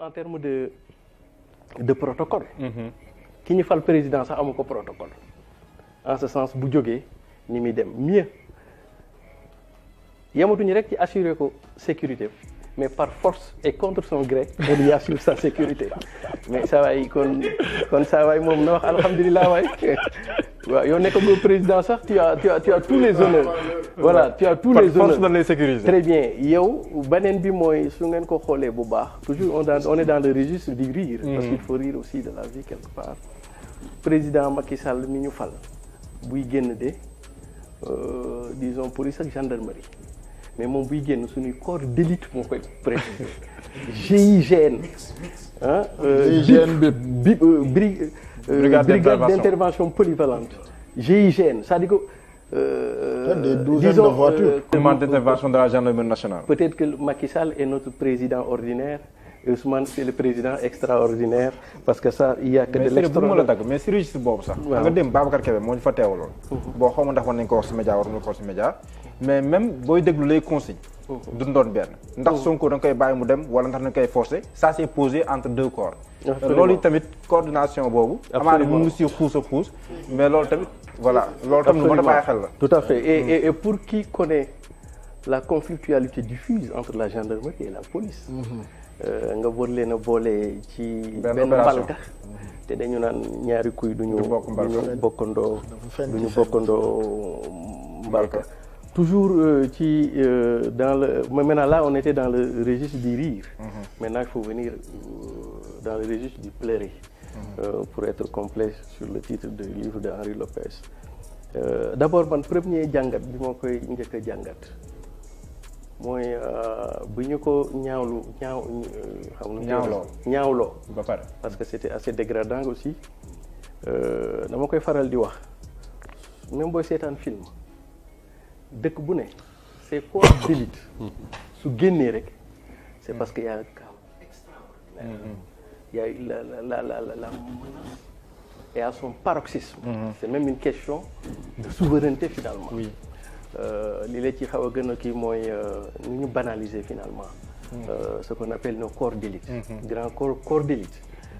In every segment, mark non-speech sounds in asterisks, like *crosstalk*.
en termes de protocole, protocole. Mhm. ki ñu fal président sax amu ko protocole. en ce sens bu jógee ni muy dem mieux yamatuñu rek ci assurer ko sécurité mais par force et contre son gré on assure sa sécurité mais ça va kon kon Ça va moom na wax alhamdulilah waay *laughs* waaw président tu as tous les honneurs. *laughs* voilà tu as tous les honneurs très bien yow y bi toujours on est dans le registre du rire parce mm. qu'il faut rire aussi de la vie quelque part président Macky Sall mi Fall, fal buy de euh, disons police et gendarmerie mais mon buy c'est un corps d'élite mon koy GIGN *laughs* hein, euh, GIGN euh, brigade d'intervention polyvalente GIGN ça dit que euh, des euh, douzaines disons, de voitures. Demande euh, d'intervention de la gendarmerie nationale. Peut-être que Macky Sall est notre président ordinaire. Et Ousmane, c'est le président extraordinaire. Parce que ça, il n'y a que mais de l'extraordinaire. Mais c'est juste pour ça. Je vais vous dire que je suis un peu plus de temps. Je vais vous dire que je suis un peu plus de temps mais même boy déglu les conseil oh, oh. du doon benn ndax oh. Sonko da nga koy bàyyi mu dem wala ndax da nga koy forcer ça c'est posé entre deux corps lolu tamit coordination bobu amane mu ngi si xuus a mais lolu tamit voilà lolu tamit mo mën a xel la tout à fait et, mm. et, et pour qui connaît la conflictualité diffuse entre la gendarmerie et la police mm-hmm. euh, nga wor leena bolé ci ben mbalka mm-hmm. té dañu nan ñaari kuy duñu bokk bokkandoo duñu bokkandoo mbalka toujours euh, qui, euh, dans le... Maintenant, là, on était dans le registre du rire. Mhm. Maintenant, il faut venir euh, dans le registre du pleurer mhm. euh, pour être complet sur le titre du livre de Henri Lopez. Euh, d'abord, mon premier jangat, je suis un jangat. mooy bu ñu ko ñaawlu ñaaw xam na ñaawloo parce que c'était assez dégradant aussi dama koy faral di wax même c'est un film dëkk bu ne c'est quoi *coughs* d'élite su génnee rek c'est parce qu'il y a un mm-hmm. Il y a la la la la la et à son paroxysme mm-hmm. c'est même une question de souveraineté finalement oui euh, li la ci xaw a gën euh, finalement mm-hmm. euh, ce qu'on appelle nos corps d'élite grand corps corps d'élite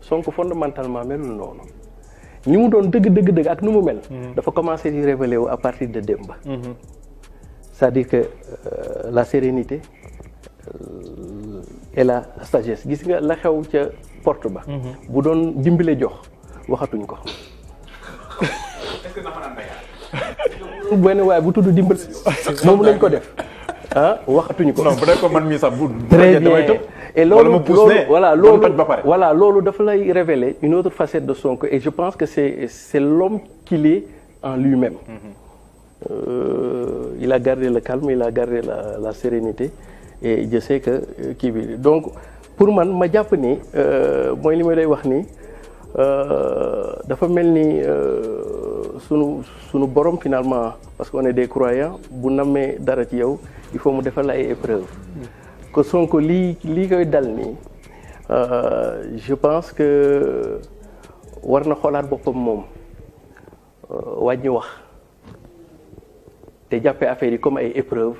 sont fondamentalement même non. ni mu doon dëgg dëgg dëgg ak nu mel. Mhm. commencer révéler à partir de Demba. Mhm. c'est-à-dire que euh, la sérénité euh, et la sagesse gis nga la xew ci porte ba. Mhm. bu don que jox waxatuñ ko. *laughs* *laughs* lañ ko def ah, ko. non bu ko et voilà, loolu voilà loolu voilà loolu dafa lay révéler une autre facette de Sonko et je pense que c'est c'est l'homme qu'il est en lui-même euh, il a gardé le calme il a gardé la, la sérénité et je sais que qui euh, bi donc pour man ma jàpp ni euh, mooy li ma day wax ni euh, dafa mel ni sunu borom finalement parce qu'on est des croyants bu nammee dara ci yow il faut mu defal ay épreuve que Sonko lii lii koy dal euh, je pense que war na bopam mom moom euh, wàññi wax te jappé affaire yi comme ay épreuve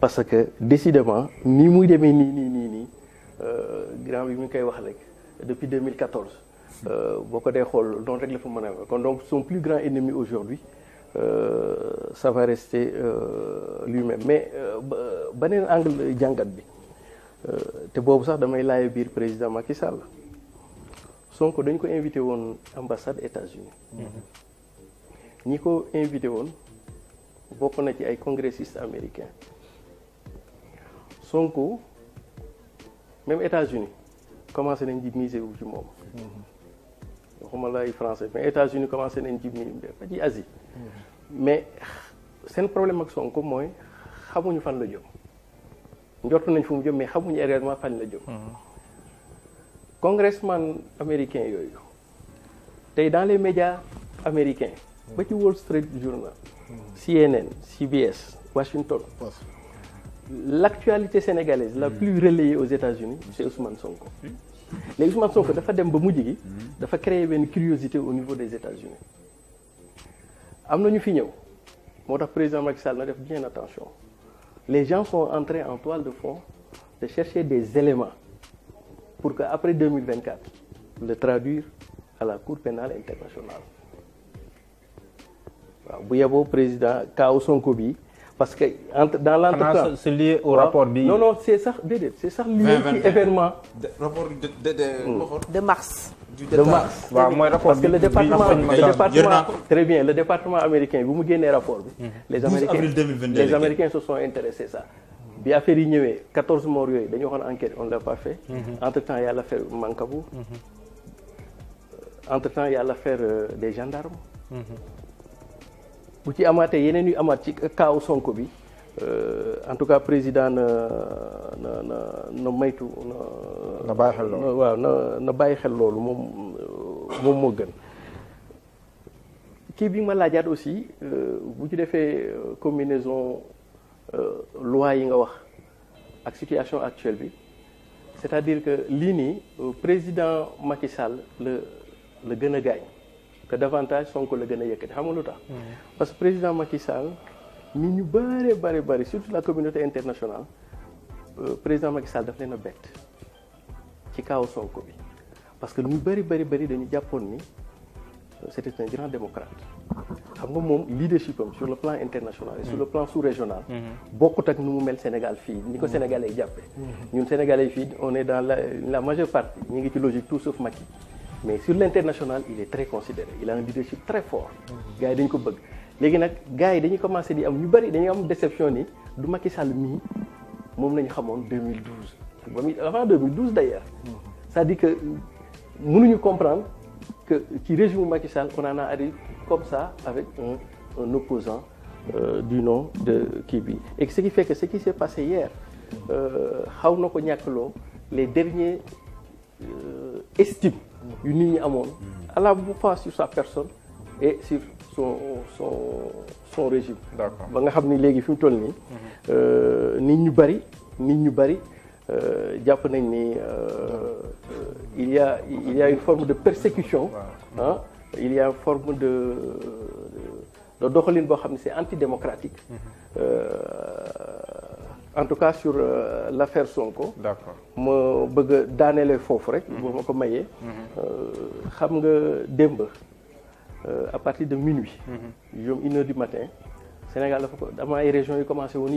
parce que décidément ni muy demee ni ni ni euh grand bi mi koy wax rek depuis 2014 euh boko dé xol noonu rek la fa mën kon donc son plus grand ennemi aujourd'hui euh, ça va rester euh, lui-même mais euh, beneen angle jangat bi té bobu sax damay laye biir président Macky Sall Sonko dañ ko invité won ambassade États-Unis Ni mm-hmm. ko invité won bokk na ci ay congressistes américains Sonko même États-Unis commencé nañ di miser wu ci mom. Mm-hmm. waxuma lay français mais États-Unis commencé nañ di miser ci Asie mais c'est un problème ak Sonko mooy xamuñu fan la jëm njortu nañ fu mu jëm mais xamuñu réellement fan la jëm. Hmm. congressman américain yooyu dans les médias américains ba ci Wall Street Journal. Hmm. CNN CBS Washington. l'actualité sénégalaise la hmm. plus relayée aux États-Unis c'est Ousmane Sonko. léegi Ousmane Sonko dafa dem ba mujj dafa créer curiosité au niveau des États-Unis am na ñu fi ñëw moo président Macky Sall na def bien attention les gens sont entrés en toile de fond de chercher des éléments pour que après 2024 le traduire à la Cour pénale internationale waaw bu yeboo président Kaaw Sonko bi parce que dans l'entretemps c'est lié au rapport bi non non c'est ça, déedéet c'est ça, lié ci événement rapport de de de mars de mars parce que le département le département très bien le département américain bi mu génnee rapport mhm. les américains les américains se sont intéressés ça bi affaire yi ñëwee 14 morts yooyu dañu enquête on l'a pas fait mhm. entre temps il y a l'affaire Mancabou mhm. entre temps il y a l'affaire euh, des gendarmes bu ci amaatee yeneen yu amaat ci kaaw Sonko bi euh, en tout cas président na euh, na na na maytu na. na bàyyi xel loolu waaw na na bàyyi xel loolu mom euh, moom moo gën. kii bi ma laajaat aussi bu ñu defee combinaison loi yi nga wax ak situation actuelle bi c'est-à-dire que lii nii président Macky Sall le le gën gagne que davantage Sonko la gën a yëkkati xam nga lu tax. Hmm. parce que président Macky Sall ñun ñu Bari, surtout la communauté internationale euh, président Macky Sall daf leen a bett ci kaw Sonko bi parce que ñu bëri bëri bëri dañu jàppoon euh, un grand démocrate xam nga leadership sur le plan international et sur mm. le plan sous-régional mm-hmm. bokkut ak nu mu mel Sénégal fii ni ko mm-hmm. Sénégalais yi mm-hmm. ñun Sénégalais on est dans la majeure partie ñu ngi ci logique tout sauf Macky mais sur l'international il est très considéré il a un leadership très fort gars yi les gens qui ont commencé à am ñu nous dañuy am déception ni du Macky Sall mii 2012 avant 2012 d'ailleurs. Ça mhm. c'est-à-dire que mënuñu comprendre que qui régime Macky Sall on en a arrivé comme ça avec un opposant euh, du nom de Kibi. et ce qui fait que ce qui s'est passé hier euh, xaw na ko les derniers euh, estimes yu nit ñi mhm. à la fois sur sa personne et sur son régime. d'accord ba nga xam ni léegi fi mu toll nii. bari ni il y a il y a une forme de persécution. Hein. il y a une forme de de doxalin c'est antidémocratique. Mhm. Euh, en tout cas sur euh, l'affaire Sonko. d'accord ma bëgg a foofu rek. Mhm. bu ma mhm. euh, euh, à partir de minuit. Mhm. une heure du matin. Sénégal dans région régions commencé mhm.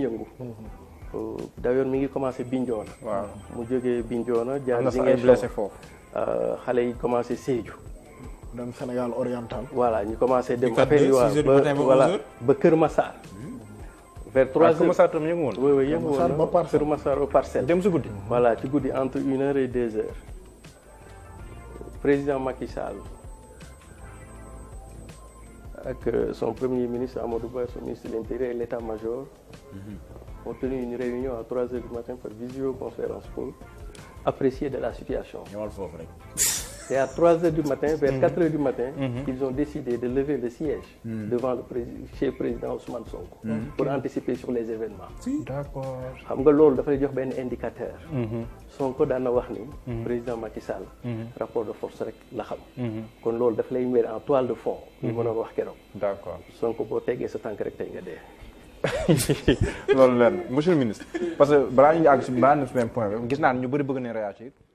euh, d'ailleurs Il commence à waaw mu à Il commence à Dans Sénégal oriental. voilà il commencé à voilà mhm. vers 3 ah, heures Kër oui oui parcelle. voilà entre 1h et 2h. président Macky Sall que euh, son premier ministre Amadou Ba, son ministre de l'Intérieur et l'état-major mhm. ont tenu une réunion à 3h du matin pour visioconférence pour apprécier de la situation. C'est à 3 h du matin, vers 4 mhm. h du matin, mhm. qu'ils ont décidé de lever le siège mhm. devant le chef président Ousmane Sonko pour anticiper sur les événements. Si. D'accord. xam nga loolu dafay jox indicateur. Sonko la na wax président Macky rapport de force avec la xam. kon loolu daf lay en toile de fond. ni d'accord Sonko boo tegee sa tànk rek tey nga *laughs* monsieur le ministre parce que balaa a à si balaa ñu point Je gis naa ñu bëri bëgg réagir.